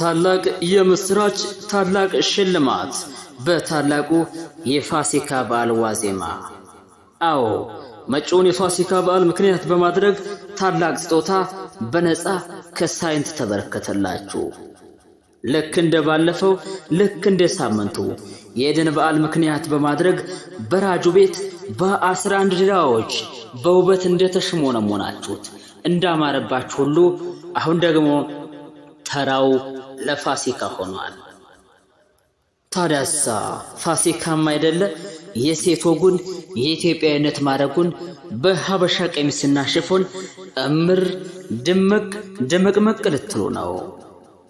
ታላቅ የምስራች፣ ታላቅ ሽልማት በታላቁ የፋሲካ በዓል ዋዜማ። አዎ መጪውን የፋሲካ በዓል ምክንያት በማድረግ ታላቅ ስጦታ በነፃ ከሳይንት ተበረከተላችሁ። ልክ እንደ ባለፈው፣ ልክ እንደ ሳምንቱ የኢድን በዓል ምክንያት በማድረግ በራጁ ቤት በአስራ አንድ ድራዎች በውበት እንደተሽሞነሞናችሁት እንዳማረባችሁ ሁሉ አሁን ደግሞ ተራው ለፋሲካ ሆኗል። ታዲያሳ ፋሲካም አይደለ የሴት ወጉን የኢትዮጵያዊነት ማድረጉን በሀበሻ ቀሚስና ሽፎን እምር ድምቅ ድምቅምቅ ልትሉ ነው።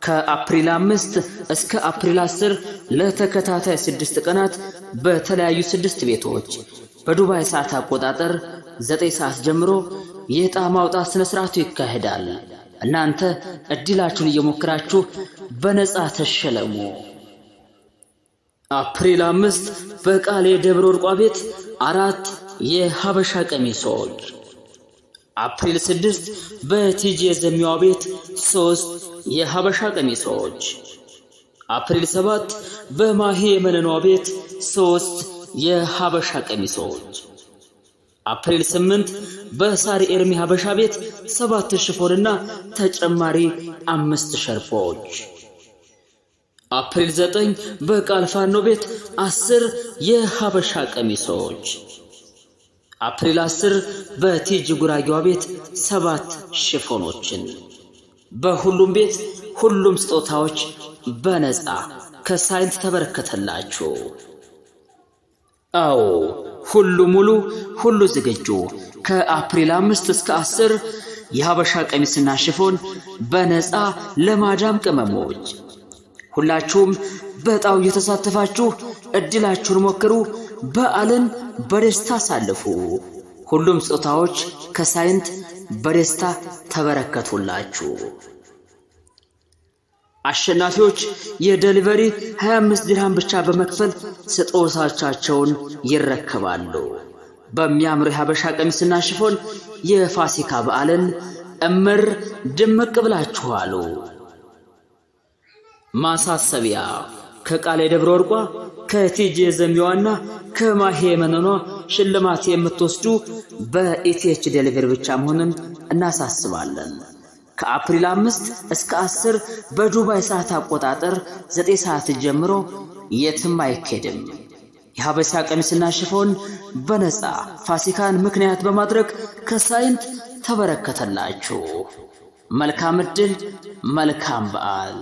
ከአፕሪል አምስት እስከ አፕሪል አስር ለተከታታይ ስድስት ቀናት በተለያዩ ስድስት ቤቶች በዱባይ ሰዓት አቆጣጠር ዘጠኝ ሰዓት ጀምሮ የዕጣ ማውጣት ስነ ስርዓቱ ይካሄዳል። እናንተ እድላችሁን እየሞከራችሁ በነፃ ተሸለሙ። አፕሪል አምስት በቃል የደብረ ወርቋ ቤት አራት የሀበሻ ቀሚሶች። አፕሪል ስድስት በቲጂ የዘሚዋ ቤት ሶስት የሀበሻ ቀሚሶች። አፕሪል ሰባት በማሄ የመነኗ ቤት ሶስት የሀበሻ ቀሚሶች አፕሪል 8 በሳሪ ኤርሚ ሀበሻ ቤት 7 ሽፎንና ተጨማሪ 5 ሸርፖች። አፕሪል 9 በቃል ፋኖ ቤት 10 የሀበሻ ቀሚሶች። አፕሪል 10 በቲጂ ጉራጌዋ ቤት 7 ሽፎኖችን። በሁሉም ቤት ሁሉም ስጦታዎች በነፃ ከሳይንት ተበረከተላችሁ። አዎ ሁሉ ሙሉ፣ ሁሉ ዝግጁ ከአፕሪል አምስት እስከ አስር የሀበሻ ቀሚስና ሽፎን በነፃ ለማዳም ቅመሞች። ሁላችሁም በጣው እየተሳተፋችሁ እድላችሁን ሞክሩ። በዓልን በደስታ አሳልፉ። ሁሉም ስጦታዎች ከሳይንት በደስታ ተበረከቱላችሁ። አሸናፊዎች የደሊቨሪ 25 ድርሃም ብቻ በመክፈል ስጦታቻቸውን ይረከባሉ። በሚያምር የሀበሻ ቀሚስና ሽፎን የፋሲካ በዓልን እምር ድምቅ ብላችኋሉ። ማሳሰቢያ ከቃል የደብረ ወርቋ ከቲጂ ዘሚዋና ከማሄ መነኗ ሽልማት የምትወስዱ በኢቲኤች ደሊቨሪ ብቻ መሆኑን እናሳስባለን። ከአፕሪል አምስት እስከ አስር በዱባይ ሰዓት አቆጣጠር 9 ሰዓት ጀምሮ የትም አይኬድም። የሐበሻ ቀሚስና ሽፎን በነፃ ፋሲካን ምክንያት በማድረግ ከሳይንት ተበረከተላችሁ። መልካም ዕድል፣ መልካም በዓል።